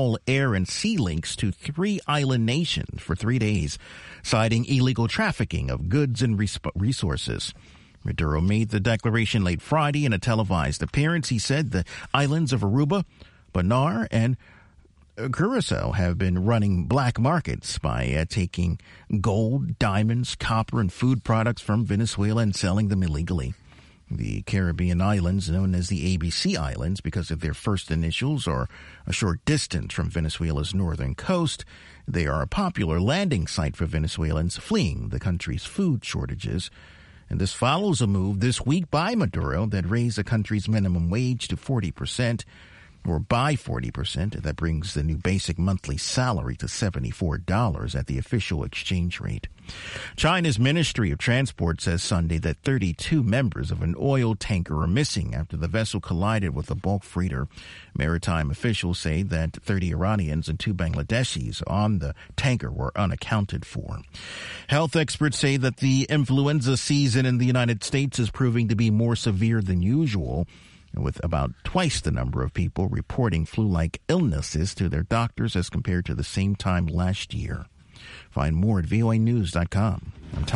all air and sea links to three island nations for three days, citing illegal trafficking of goods and resources. Maduro made the declaration late Friday in a televised appearance. He said the islands of Aruba, Bonaire, and Curacao have been running black markets by uh, taking gold, diamonds, copper, and food products from Venezuela and selling them illegally the Caribbean islands known as the ABC Islands because of their first initials are a short distance from Venezuela's northern coast. They are a popular landing site for Venezuelans fleeing the country's food shortages. And this follows a move this week by Maduro that raised the country's minimum wage to 40 percent or by 40%. That brings the new basic monthly salary to $74 at the official exchange rate. China's Ministry of Transport says Sunday that 32 members of an oil tanker are missing after the vessel collided with a bulk freighter. Maritime officials say that 30 Iranians and two Bangladeshis on the tanker were unaccounted for. Health experts say that the influenza season in the United States is proving to be more severe than usual with about twice the number of people reporting flu like illnesses to their doctors as compared to the same time last year. Find more at voanews.com.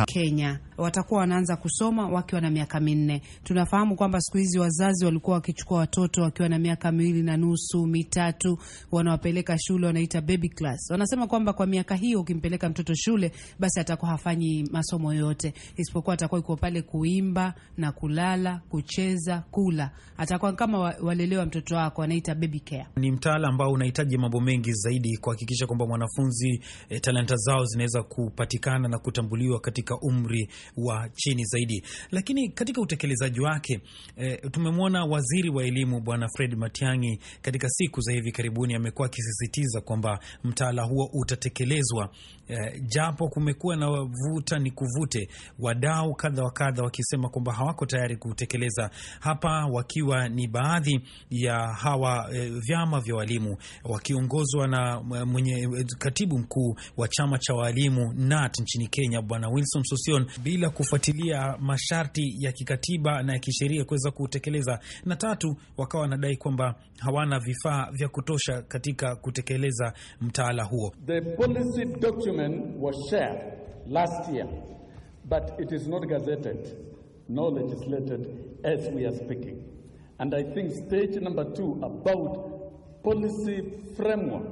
Kenya watakuwa wanaanza kusoma wakiwa na miaka minne. Tunafahamu kwamba siku hizi wazazi walikuwa wakichukua watoto wakiwa na miaka miwili na nusu mitatu, wanawapeleka shule, wanaita baby class. Wanasema kwamba kwa miaka hiyo ukimpeleka mtoto shule, basi atakuwa hafanyi masomo yoyote, isipokuwa atakuwa iko pale kuimba na kulala, kucheza, kula, atakuwa kama walelewa mtoto wako, wanaita baby care. Ni mtaala ambao unahitaji mambo mengi zaidi kuhakikisha kwamba mwanafunzi eh, talanta zao zinaweza kupatikana na kutambuliwa katika umri wa chini zaidi, lakini katika utekelezaji wake e, tumemwona waziri wa elimu Bwana Fred Matiang'i katika siku za hivi karibuni amekuwa akisisitiza kwamba mtaala huo utatekelezwa eh, japo kumekuwa na vuta ni kuvute, wadau kadha wa kadha wakisema kwamba hawako tayari kutekeleza hapa, wakiwa ni baadhi ya hawa eh, vyama vya walimu wakiongozwa na eh, mwenye eh, katibu mkuu wa chama cha walimu NAT nchini Kenya, Bwana Wilson Sosion, bila kufuatilia masharti ya kikatiba na ya kisheria kuweza kutekeleza, na tatu wakawa wanadai kwamba hawana vifaa vya kutosha katika kutekeleza mtaala huo The was shared last year, but it is not gazetted nor legislated as we are speaking. And I think stage number two about policy framework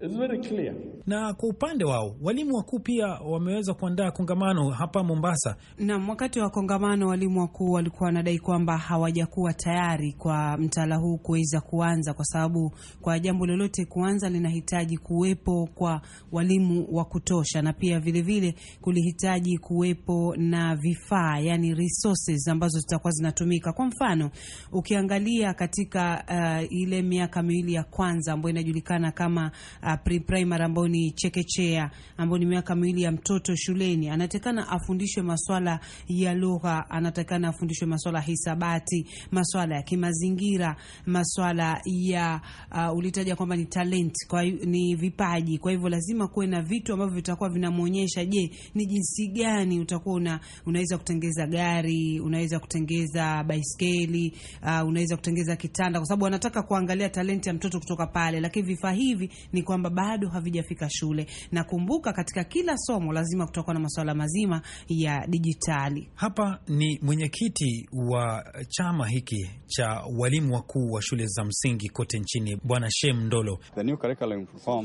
is very clear. Na kwa upande wao walimu wakuu pia wameweza kuandaa kongamano hapa Mombasa. na wakati wa kongamano walimu wakuu walikuwa wanadai kwamba hawajakuwa tayari kwa mtaala huu kuweza kuanza, kwa sababu kwa jambo lolote kuanza linahitaji kuwepo kwa walimu wa kutosha, na pia vilevile vile kulihitaji kuwepo na vifaa, yani resources ambazo zitakuwa zinatumika. Kwa mfano ukiangalia katika uh, ile miaka miwili ya kwanza ambayo inajulikana kama uh, pre-primary ambayo ni chekechea, ambayo ni miaka miwili ya mtoto shuleni, anatakana afundishwe maswala ya lugha, anatakana afundishwe maswala ya hisabati, maswala ya kimazingira, maswala ya uh, ulitaja kwamba ni talent, kwa ni vipaji. Kwa hivyo lazima kuwe na vitu ambavyo vitakuwa vinamwonyesha, je, ni jinsi gani utakuwa una, unaweza kutengeza gari, unaweza kutengeza baiskeli, uh, unaweza kutengeza kitanda, kwa sababu anataka kuangalia talenti ya mtoto kutoka pale, lakini vifaa hivi ni kwamba bado havijafika katika shule, na kumbuka, katika kila somo lazima kutakuwa na masuala mazima ya dijitali. Hapa ni mwenyekiti wa chama hiki cha walimu wakuu wa shule za msingi kote nchini, Bwana Shem Ndolo. Uh,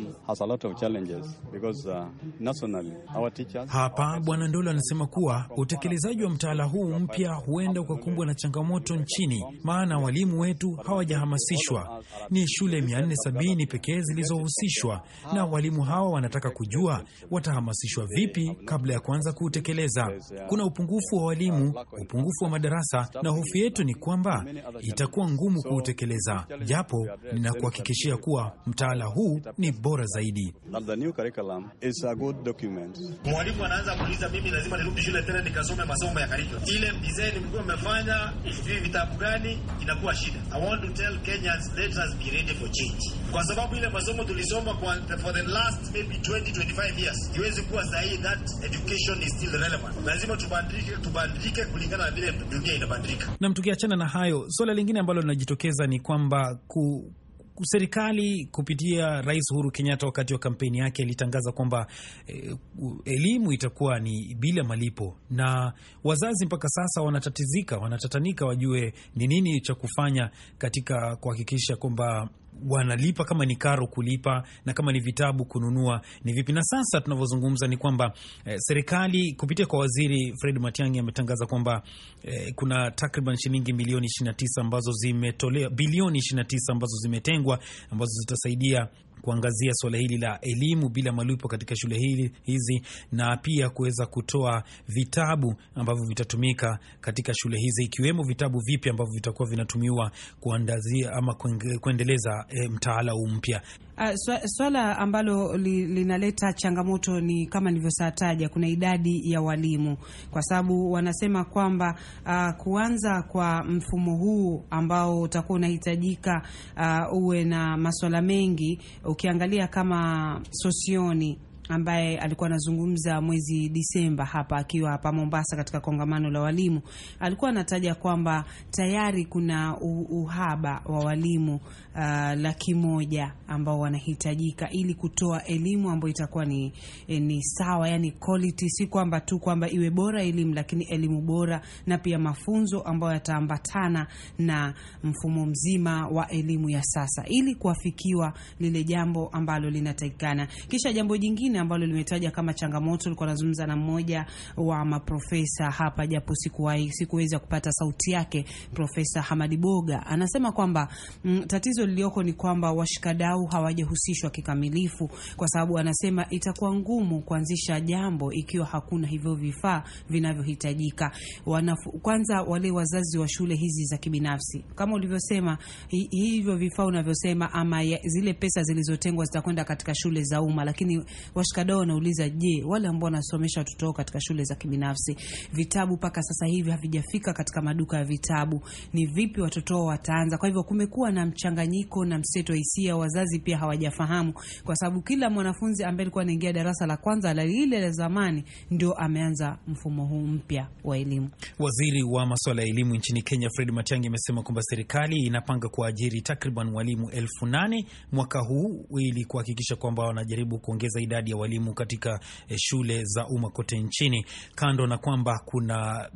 Hapa Bwana Ndolo anasema kuwa utekelezaji wa mtaala huu mpya huenda ukakumbwa na changamoto nchini, maana walimu wetu hawajahamasishwa. Ni shule 470 pekee zilizohusishwa na walimu hawa wanataka kujua watahamasishwa vipi kabla ya kuanza kuutekeleza. Kuna upungufu wa walimu, upungufu wa madarasa, na hofu yetu ni kwamba itakuwa ngumu kuutekeleza, japo ninakuhakikishia kuwa mtaala huu ni bora zaidi. Mwalimu anaanza kuuliza, mimi lazima nirudi shule tena nikasome masomo ya karibu ile design mkuu amefanya hivi vitabu gani, inakuwa shida. I want to tell Kenyans, let us be ready for change, kwa sababu ile masomo tulisoma kwa for the last last maybe 20 25 years, iwezi kuwa sahihi that education is still relevant. Lazima tubadilike, tubadilike kulingana na vile dunia inabadilika. Na tukiachana na hayo, swala lingine ambalo linajitokeza ni kwamba ku serikali kupitia Rais Uhuru Kenyatta wakati wa kampeni yake alitangaza kwamba eh, elimu itakuwa ni bila malipo, na wazazi mpaka sasa wanatatizika, wanatatanika wajue ni nini cha kufanya katika kuhakikisha kwamba wanalipa kama ni karo kulipa na kama ni vitabu kununua ni vipi. Na sasa tunavyozungumza ni kwamba eh, serikali kupitia kwa waziri Fred Matiang'i ametangaza kwamba eh, kuna takriban shilingi milioni 29 ambazo zimetolewa, bilioni 29 ambazo zimetengwa ambazo zitasaidia kuangazia suala hili la elimu bila malipo katika shule hili hizi na pia kuweza kutoa vitabu ambavyo vitatumika katika shule hizi ikiwemo vitabu vipya ambavyo vitakuwa vinatumiwa kuandazia ama kuendeleza e, mtaala huu mpya. Uh, swala ambalo li, linaleta changamoto ni kama nilivyosataja, kuna idadi ya walimu, kwa sababu wanasema kwamba uh, kuanza kwa mfumo huu ambao utakuwa unahitajika uh, uwe na masuala mengi ukiangalia kama sosioni ambaye alikuwa anazungumza mwezi Disemba hapa akiwa hapa Mombasa katika kongamano la walimu, alikuwa anataja kwamba tayari kuna uhaba wa walimu uh, laki moja ambao wanahitajika ili kutoa elimu ambayo itakuwa ni, eh, ni sawa, yani quality, si kwamba tu kwamba iwe bora elimu, lakini elimu bora na pia mafunzo ambayo yataambatana na mfumo mzima wa elimu ya sasa ili kuafikiwa lile jambo ambalo linatakikana. Kisha jambo jingine ambalo limetaja kama changamoto. Nilikuwa nazungumza na mmoja wa maprofesa hapa, japo sikuwahi sikuweza kupata sauti yake. Profesa Hamadi Boga anasema kwamba mm, tatizo lilioko ni kwamba washikadau hawajahusishwa kikamilifu, kwa sababu anasema itakuwa ngumu kuanzisha jambo ikiwa hakuna hivyo vifaa vinavyohitajika. Kwanza wale wazazi wa shule hizi za kibinafsi kama ulivyosema, hivyo vifaa unavyosema, ama ya, zile pesa zilizotengwa zitakwenda katika shule za umma, lakini wa Jonas Kadao anauliza, je, wale ambao wanasomesha watoto wao katika shule za kibinafsi, vitabu mpaka sasa hivi havijafika katika maduka ya vitabu, ni vipi watoto wao wataanza? Kwa hivyo kumekuwa na mchanganyiko na mseto hisia, wazazi pia hawajafahamu, kwa sababu kila mwanafunzi ambaye alikuwa anaingia darasa la kwanza la lile la zamani ndio ameanza mfumo huu mpya wa elimu. Waziri wa masuala ya elimu nchini Kenya Fred Matiang'i amesema kwamba serikali inapanga kuajiri takriban walimu elfu nane mwaka huu ili kuhakikisha kwamba wanajaribu kuongeza idadi ya walimu katika eh, shule za umma kote nchini, kando na kwamba kuna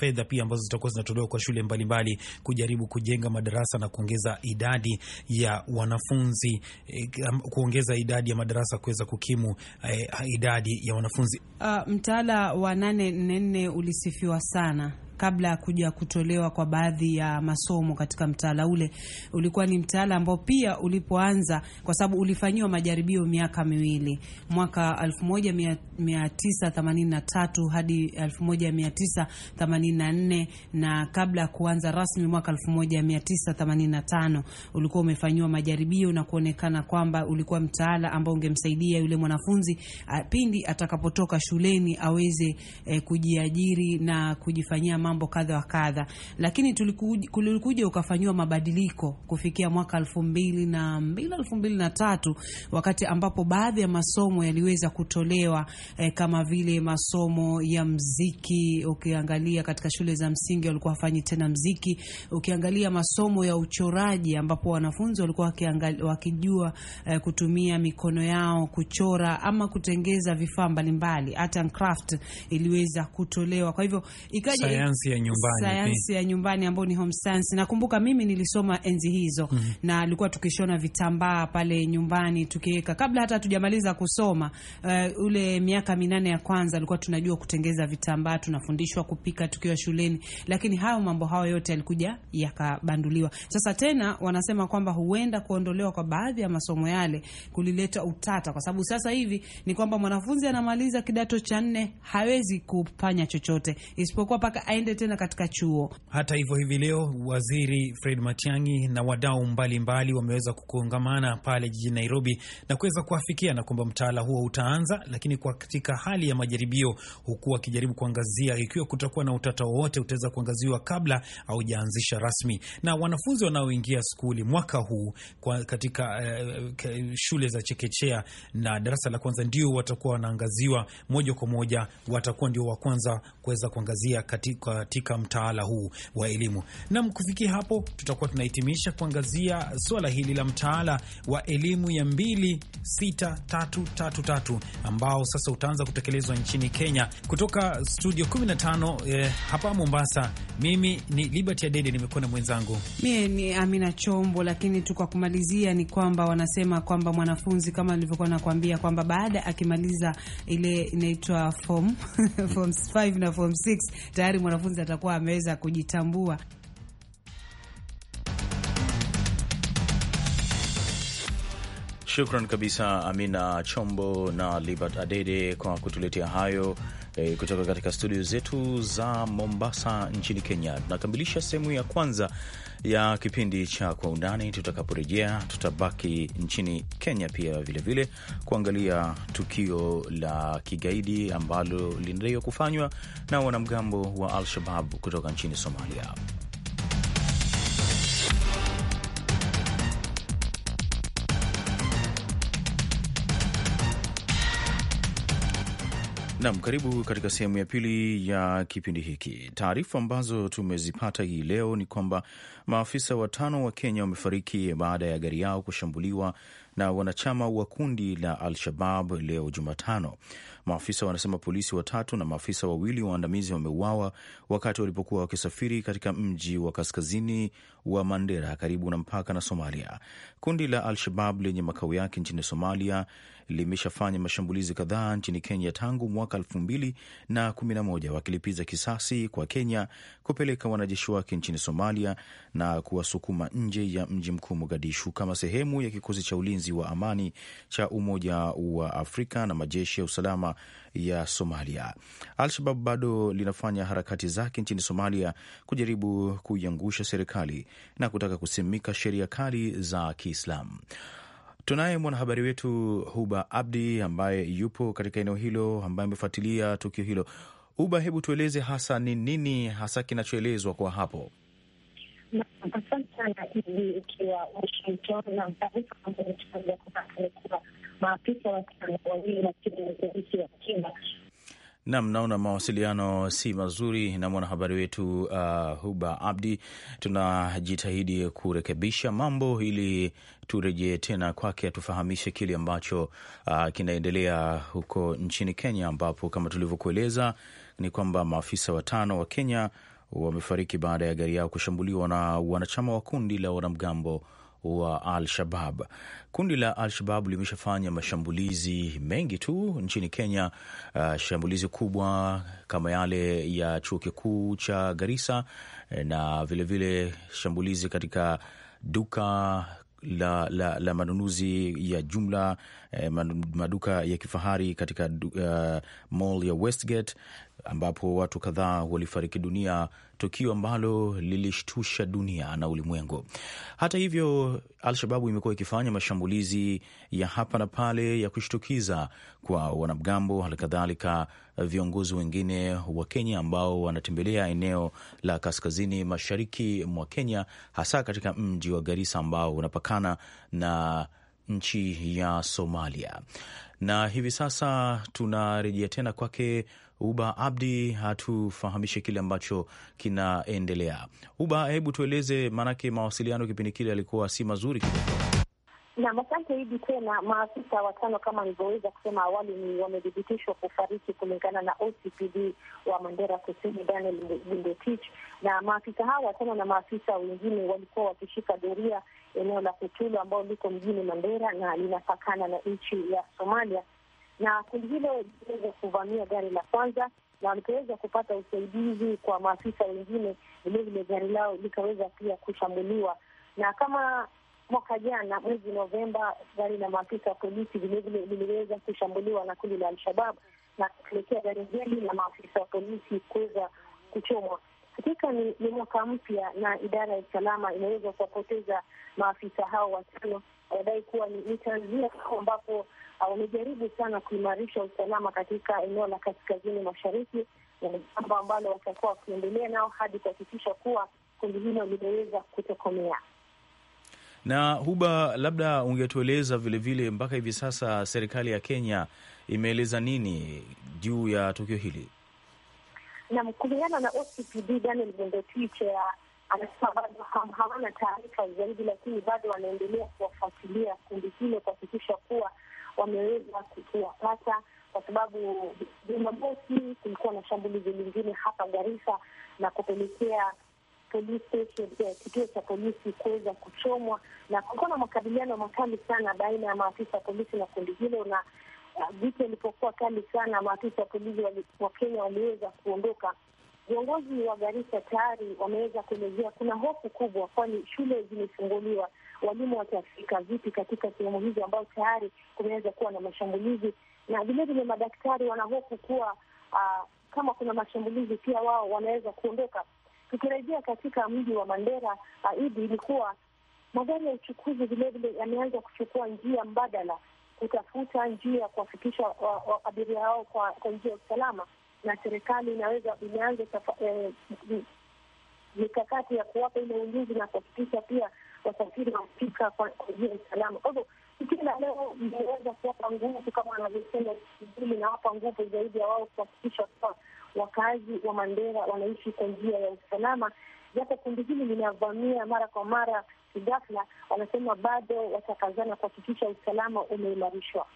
fedha pia ambazo zitakuwa zinatolewa kwa shule mbalimbali mbali, kujaribu kujenga madarasa na kuongeza idadi ya wanafunzi, eh, kuongeza idadi ya madarasa kuweza kukimu eh, idadi ya wanafunzi. Uh, mtaala wa 844 ulisifiwa sana kabla ya kuja kutolewa kwa baadhi ya masomo katika mtaala ule, ulikuwa ni mtaala ambao pia ulipoanza, kwa sababu ulifanyiwa majaribio miaka miwili, mwaka 1983 hadi 1984, na kabla ya kuanza rasmi mwaka 1985 ulikuwa umefanyiwa majaribio na kuonekana kwamba ulikuwa mtaala ambao ungemsaidia yule mwanafunzi pindi atakapotoka shuleni aweze eh, kujiajiri na kujifanyia mambo kadha wa kadha, lakini tulikuja ukafanyiwa mabadiliko kufikia mwaka elfu mbili na mbili elfu mbili na tatu wakati ambapo baadhi ya masomo yaliweza kutolewa eh, kama vile masomo ya mziki. Ukiangalia katika shule za msingi walikuwa wafanyi tena mziki. Ukiangalia masomo ya uchoraji ambapo wanafunzi walikuwa wakijua eh, kutumia mikono yao kuchora ama kutengeza vifaa mbalimbali, art and craft iliweza kutolewa. Kwa hivyo ikaja sayansi ya nyumbani, sayansi ya nyumbani ambayo ni home science. Nakumbuka mimi nilisoma enzi hizo mm -hmm. na alikuwa tukishona vitambaa pale nyumbani tukiweka, kabla hata hatujamaliza kusoma uh, ule miaka minane ya kwanza alikuwa tunajua kutengeza vitambaa, tunafundishwa kupika tukiwa shuleni, lakini hayo mambo hayo yote yalikuja yakabanduliwa. Sasa tena wanasema kwamba huenda kuondolewa kwa baadhi ya masomo yale kulileta utata, kwa sababu sasa hivi ni kwamba mwanafunzi anamaliza kidato cha nne hawezi kufanya chochote isipokuwa paka aende tena katika chuo. Hata hivyo, hivi leo waziri Fred Matiang'i na wadau mbalimbali wameweza kukongamana pale jijini Nairobi na kuweza na kwamba mtaala huo utaanza, lakini kwa katika hali ya majaribio, huku wakijaribu kuangazia ikiwa kutakuwa na utata wowote utaweza kuangaziwa kabla haujaanzisha rasmi. Na wanafunzi wanaoingia skuli mwaka huu kwa katika eh, eh shule za chekechea na darasa la kwanza ndio watakuwa wanaangaziwa moja kwa moja, watakuwa ndio wa kwanza kuweza kuangazia katika katika mtaala huu wa elimu. Nam, kufikia hapo tutakuwa tunahitimisha kuangazia swala hili la mtaala wa elimu ya 26333 ambao sasa utaanza kutekelezwa nchini Kenya. Kutoka studio 15 eh, hapa Mombasa, mimi ni Liberty Adede, nimekuwa na mwenzangu mie ni Amina Chombo. Lakini tu kwa kumalizia ni kwamba wanasema kwamba mwanafunzi kama nilivyokuwa nakwambia kwamba baada akimaliza ile inaitwa form form 5 na form 6 tayari mwanafunzi mwanafunzi atakuwa ameweza kujitambua. Shukran kabisa Amina Chombo na Libert Adede kwa kutuletea hayo e, kutoka katika studio zetu za Mombasa nchini Kenya. Tunakamilisha sehemu ya kwanza ya kipindi cha Kwa Undani. Tutakaporejea tutabaki nchini Kenya pia vilevile vile, kuangalia tukio la kigaidi ambalo linadaiwa kufanywa na wanamgambo wa Al-Shabab kutoka nchini Somalia. Nam, karibu katika sehemu ya pili ya kipindi hiki. Taarifa ambazo tumezipata hii leo ni kwamba maafisa watano wa Kenya wamefariki baada ya gari yao kushambuliwa na wanachama wa kundi la Al-Shabab leo Jumatano. Maafisa wanasema polisi watatu na maafisa wawili waandamizi wameuawa wakati walipokuwa wakisafiri katika mji wa kaskazini wa Mandera karibu na mpaka na Somalia. Kundi la Al-Shabab lenye makao yake nchini Somalia limeshafanya mashambulizi kadhaa nchini Kenya tangu mwaka elfu mbili na kumi na moja wakilipiza kisasi kwa Kenya kupeleka wanajeshi wake nchini Somalia na kuwasukuma nje ya mji mkuu Mogadishu kama sehemu ya kikosi cha ulinzi wa amani cha Umoja wa Afrika na majeshi ya usalama ya Somalia. Al-Shabab bado linafanya harakati zake nchini Somalia kujaribu kuiangusha serikali na kutaka kusimika sheria kali za Kiislamu. Tunaye mwanahabari wetu Huba Abdi ambaye yupo katika eneo hilo, ambaye amefuatilia tukio hilo. Huba, hebu tueleze hasa ni nini hasa kinachoelezwa kwa hapo? Asante sana Idi, ukiwa Washington na taarifa ambayo tunaweza kupata ni kuwa maafisa watano, wawili wa polisi wa akiba Nam, naona mawasiliano si mazuri na mwanahabari wetu uh, Huba Abdi. Tunajitahidi kurekebisha mambo ili turejee tena kwake atufahamishe kile ambacho uh, kinaendelea huko nchini Kenya, ambapo kama tulivyokueleza ni kwamba maafisa watano wa Kenya wamefariki baada ya gari yao kushambuliwa na wanachama wa kundi la wanamgambo wa Al-Shabab. Kundi la Al-Shabab limeshafanya mashambulizi mengi tu nchini Kenya. Uh, shambulizi kubwa kama yale ya chuo kikuu cha Garissa eh, na vilevile vile shambulizi katika duka la, la, la manunuzi ya jumla eh, maduka ya kifahari katika uh, mall ya Westgate ambapo watu kadhaa walifariki dunia, tukio ambalo lilishtusha dunia na ulimwengu. Hata hivyo, Al-Shababu imekuwa ikifanya mashambulizi ya hapa na pale ya kushtukiza kwa wanamgambo, halikadhalika viongozi wengine wa Kenya ambao wanatembelea eneo la kaskazini mashariki mwa Kenya, hasa katika mji wa Garissa ambao unapakana na nchi ya Somalia. Na hivi sasa tunarejea tena kwake Uba Abdi hatufahamishe kile ambacho kinaendelea. Uba, hebu tueleze, maanake mawasiliano kipindi kile yalikuwa si mazuri. Nam, asante hivi Tena maafisa watano kama nilivyoweza kusema awali ni wamedhibitishwa kufariki kulingana na OCPD wa Mandera Kusini, Daniel Bundetich, na maafisa hao watano na maafisa wengine walikuwa wakishika doria eneo la Kutulu ambao liko mjini Mandera na linapakana na nchi ya Somalia na kundi hilo liliweza kuvamia gari la kwanza, na walipoweza kupata usaidizi kwa maafisa wengine, vilevile gari lao likaweza pia kushambuliwa. Na kama mwaka jana mwezi Novemba, gari la maafisa wa polisi vilevile liliweza kushambuliwa na kundi la Alshabab na kupelekea gari hili la maafisa wa polisi kuweza kuchomwa. Hakika ni, ni mwaka mpya na idara ya usalama inaweza kuwapoteza maafisa hao watano, wanadai kuwa ni tanzia ambapo wamejaribu sana kuimarisha usalama katika eneo la kaskazini mashariki, na ni jambo ambalo watakuwa wakiendelea nao hadi kuhakikisha kuwa kundi hilo limeweza kutokomea. Na Huba, labda ungetueleza vilevile mpaka hivi sasa serikali ya Kenya imeeleza nini juu ya tukio hili? Nam, kulingana na OCPD Daniel Bendotich ah, anasema bado hawana taarifa zaidi, lakini bado wanaendelea kuwafuatilia kundi hilo kuhakikisha kuwa wameweza kuwapata kwa sababu Jumamosi kulikuwa na shambulizi lingine hapa Garissa na kupelekea police station eh, kituo cha polisi kuweza kuchomwa, na kulikuwa na makabiliano makali sana baina ya maafisa wa polisi na kundi hilo, na eh, vita ilipokuwa kali sana, maafisa wa polisi wa Kenya waliweza kuondoka. Viongozi wa Garissa tayari wameweza kuelezea kuna hofu kubwa, kwani shule zimefunguliwa walimu watafika vipi katika sehemu hizo ambao tayari kumeweza kuwa na mashambulizi, na vilevile madaktari wanahofu kuwa uh, kama kuna mashambulizi pia wao wanaweza kuondoka. Tukirejea katika mji wa Mandera, uh, ah, ni kuwa magari ya uchukuzi vilevile yameanza kuchukua njia mbadala kutafuta njia ya kuwafikisha ah, abiria hao kwa, kwa njia ya usalama, na serikali inaweza imeanza eh, mikakati eh, ya kuwapa ile ulinzi na kuhakikisha pia wasafiri wafika kwa njia usalama. Kwa hivyo tukio la leo imeweza kuwapa nguvu kama wanavyosema sijui, inawapa nguvu zaidi ya wao kuhakikisha kuwa wakazi wa Mandera wanaishi kwa njia ya usalama, japo kundi hili linavamia mara kwa mara kigafla. Wanasema bado watakazana kuhakikisha usalama umeimarishwa.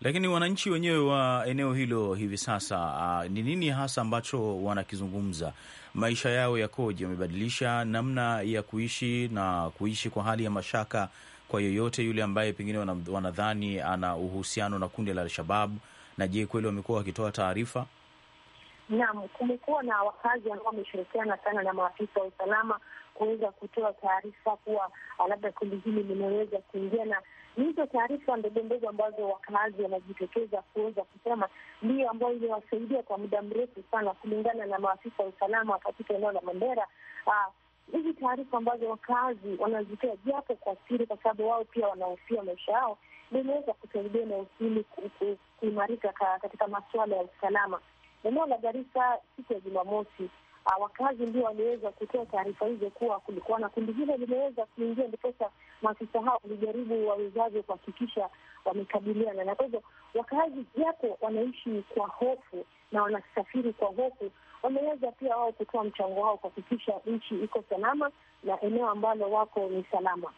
Lakini wananchi wenyewe wa eneo hilo hivi sasa ah, ni nini hasa ambacho wanakizungumza? Maisha yao yakoje? Wamebadilisha namna ya kuishi na kuishi kwa hali ya mashaka kwa yoyote yule ambaye pengine wanadhani ana uhusiano na kundi la Alshabab? Na je, kweli wamekuwa wakitoa taarifa? Naam, kumekuwa na wakazi ambao wameshirikiana sana na maafisa wa usalama kuweza kutoa taarifa kuwa ah, labda kundi hili limeweza kuingia na hizo taarifa ndogondogo ambazo wakaazi wanajitokeza kuweza kusema ndio ambayo imewasaidia kwa muda mrefu sana, kulingana na maafisa wa usalama katika eneo la Mandera. Ah, hizi taarifa ambazo wakaazi wanazitoa japo kwa siri, kwa sababu wao pia wanahofia maisha yao, limeweza kusaidia eneo hili kuimarika katika masuala ya usalama. Eneo la Garissa siku ya Jumamosi Ah, wakazi ndio waliweza kutoa taarifa hizo kuwa kulikuwa na kundi hilo limeweza kuingia, ndiposa maafisa hao walijaribu wawezavyo kuhakikisha wamekabiliana na. Kwa hivyo wakazi, japo wanaishi kwa hofu na wanasafiri kwa hofu, wameweza pia wao kutoa mchango wao kuhakikisha nchi iko salama na eneo ambalo wako ni salama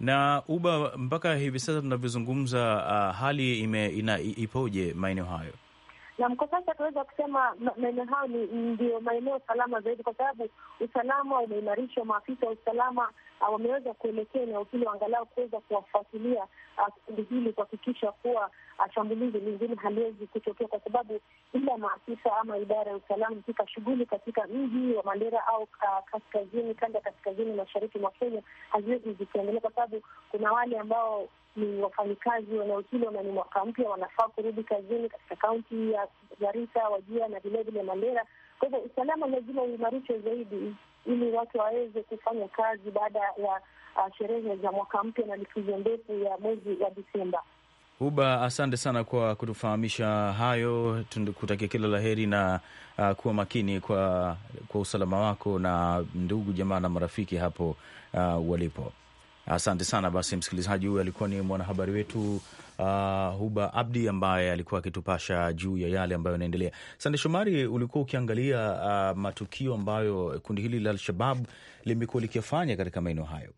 na uba mpaka hivi sasa tunavyozungumza, uh, hali ime- ina ipoje maeneo hayo? na kwa sasa tunaweza kusema maeneo hayo ndio maeneo salama zaidi, kwa sababu usalama umeimarishwa, maafisa wa usalama wameweza kuelekea eneo hilo angalau kuweza kuwafuatilia ah, kikundi hili kuhakikisha kuwa ah, shambulizi lingine haliwezi kutokea, kwa sababu ila maafisa ama idara ya usalama katika shughuli katika mji wa Mandera au ah, kaskazini, kanda ya kaskazini mashariki mwa Kenya haziwezi zikiendelea, kwa sababu kuna wale ambao ni wafanyikazi wa eneo hilo na ni mwaka mpya, wanafaa kurudi kazini katika kaunti ya Garissa, Wajia na vilevile Mandera. Kwa hivyo usalama lazima uimarishwe zaidi ili watu waweze kufanya kazi baada ya uh, sherehe za mwaka mpya na likizo ndefu ya mwezi wa Disemba. Huba, asante sana kwa kutufahamisha hayo. Kutakia kila la heri na uh, kuwa makini kwa, kwa usalama wako na ndugu jamaa na marafiki hapo uh, walipo. Asante sana. Basi msikilizaji, huyu alikuwa ni mwanahabari wetu uh, Huba Abdi ambaye alikuwa akitupasha juu ya yale ambayo yanaendelea. Sande Shomari, ulikuwa ukiangalia uh, matukio ambayo kundi hili la Alshabab limekuwa likifanya katika maeneo hayo.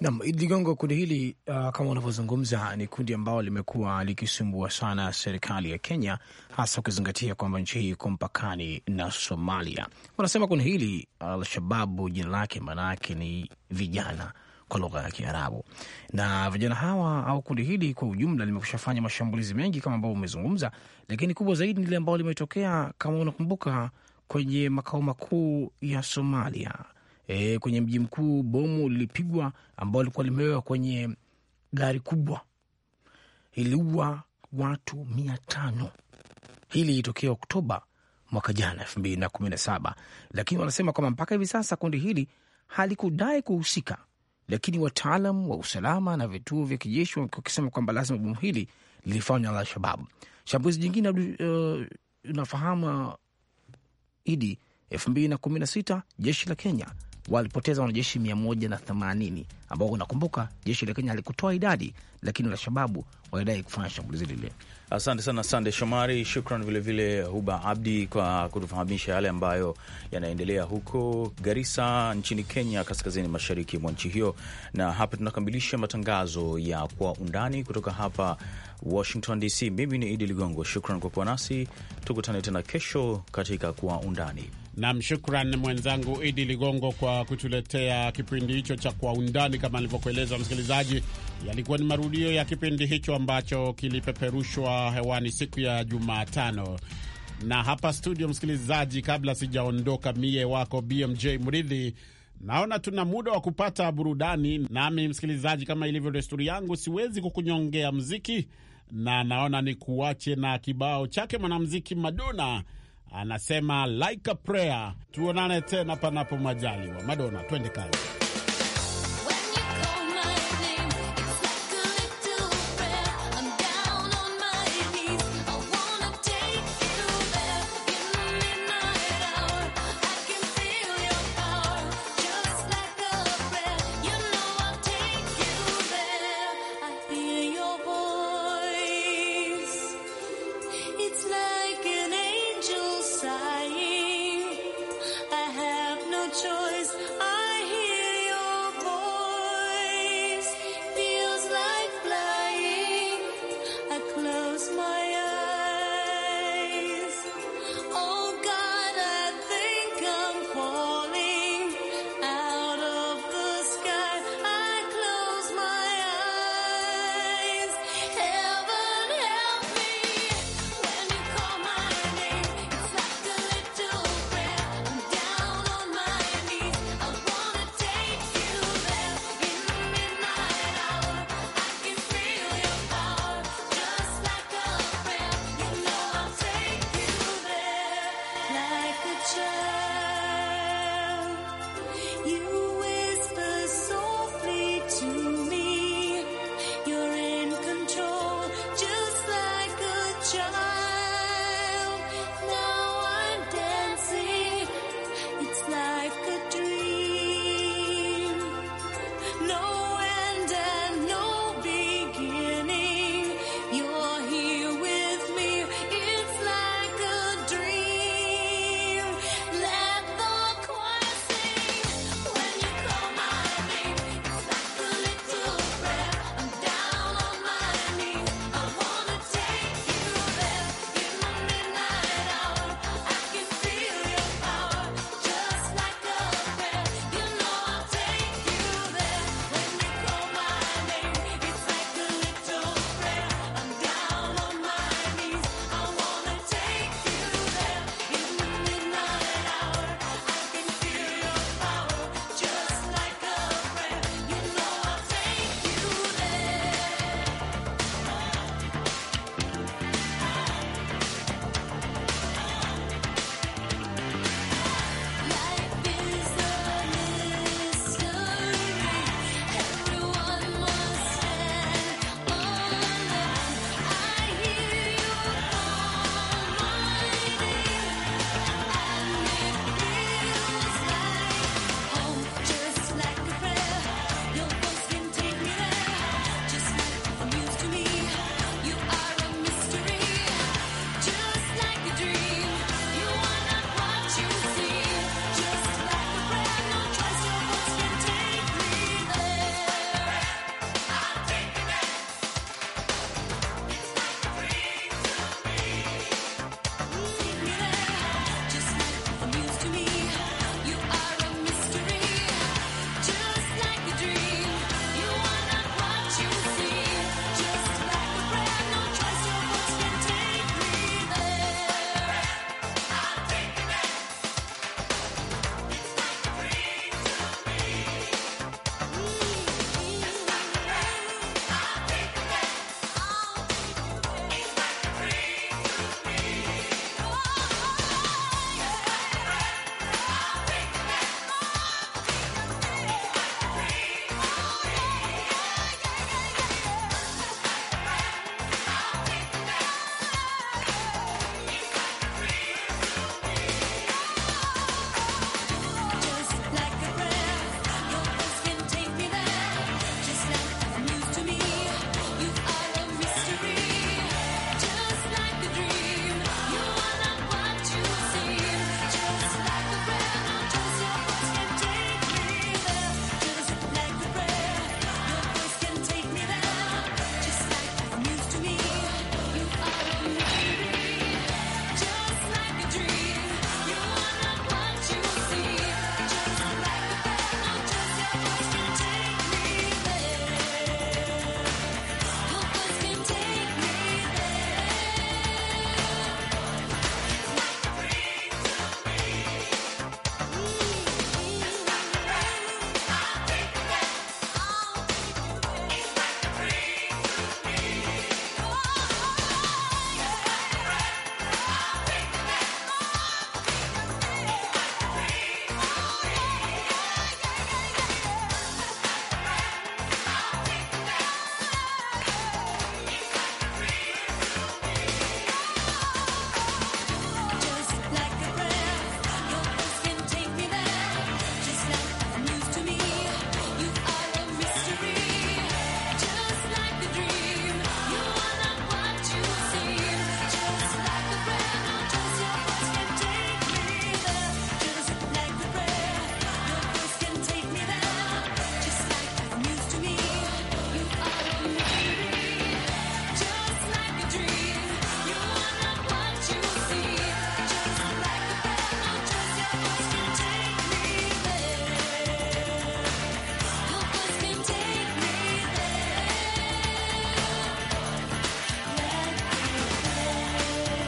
nam Ligongo, kundi hili uh, kama unavyozungumza ni kundi ambalo limekuwa likisumbua sana serikali ya Kenya, hasa ukizingatia kwamba nchi hii iko mpakani na Somalia. Wanasema kundi hili alshababu jina lake maanayake ni vijana kwa lugha ya Kiarabu. Na vijana hawa au kundi hili kwa ujumla limekushafanya mashambulizi mengi kama ambavyo umezungumza, lakini kubwa zaidi ni lile ambalo limetokea kama unakumbuka, kwenye makao makuu ya Somalia. E, kwenye mji mkuu bomu lilipigwa ambao likuwa limewewa kwenye gari kubwa, iliua watu mia tano. Hili ilitokea Oktoba mwaka jana elfu mbili na kumi na saba, lakini wanasema kwamba mpaka hivi sasa kundi hili halikudai kuhusika lakini wataalam wa usalama na vituo vya kijeshi wakisema kwamba lazima bomu hili lilifanywa na Alshababu. Shambulizi jingine uh, unafahamu uh, idi elfu mbili na kumi na sita jeshi la Kenya walipoteza wanajeshi mia moja na themanini ambao unakumbuka jeshi la Kenya halikutoa idadi, lakini Alshababu walidai kufanya shambulizi lile. Asante sana Sande Shomari, shukran vilevile Huba Abdi kwa kutufahamisha yale ambayo yanaendelea huko Garissa nchini Kenya, kaskazini mashariki mwa nchi hiyo. Na hapa tunakamilisha matangazo ya Kwa Undani kutoka hapa Washington DC. Mimi ni Idi Ligongo, shukran kwa kuwa nasi. Tukutane tena kesho katika Kwa Undani. Nam, shukran mwenzangu Idi Ligongo kwa kutuletea kipindi hicho cha Kwa Undani. Kama alivyokueleza msikilizaji, yalikuwa ni marudio ya kipindi hicho ambacho kilipeperushwa hewani siku ya Jumatano na hapa studio. Msikilizaji, kabla sijaondoka, mie wako BMJ Mridhi, naona tuna muda wa kupata burudani. Nami msikilizaji, kama ilivyo desturi yangu, siwezi kukunyongea mziki, na naona ni kuache na kibao chake mwanamziki Madonna anasema like a prayer. Tuonane tena panapo majaliwa. Madona, twende kazi.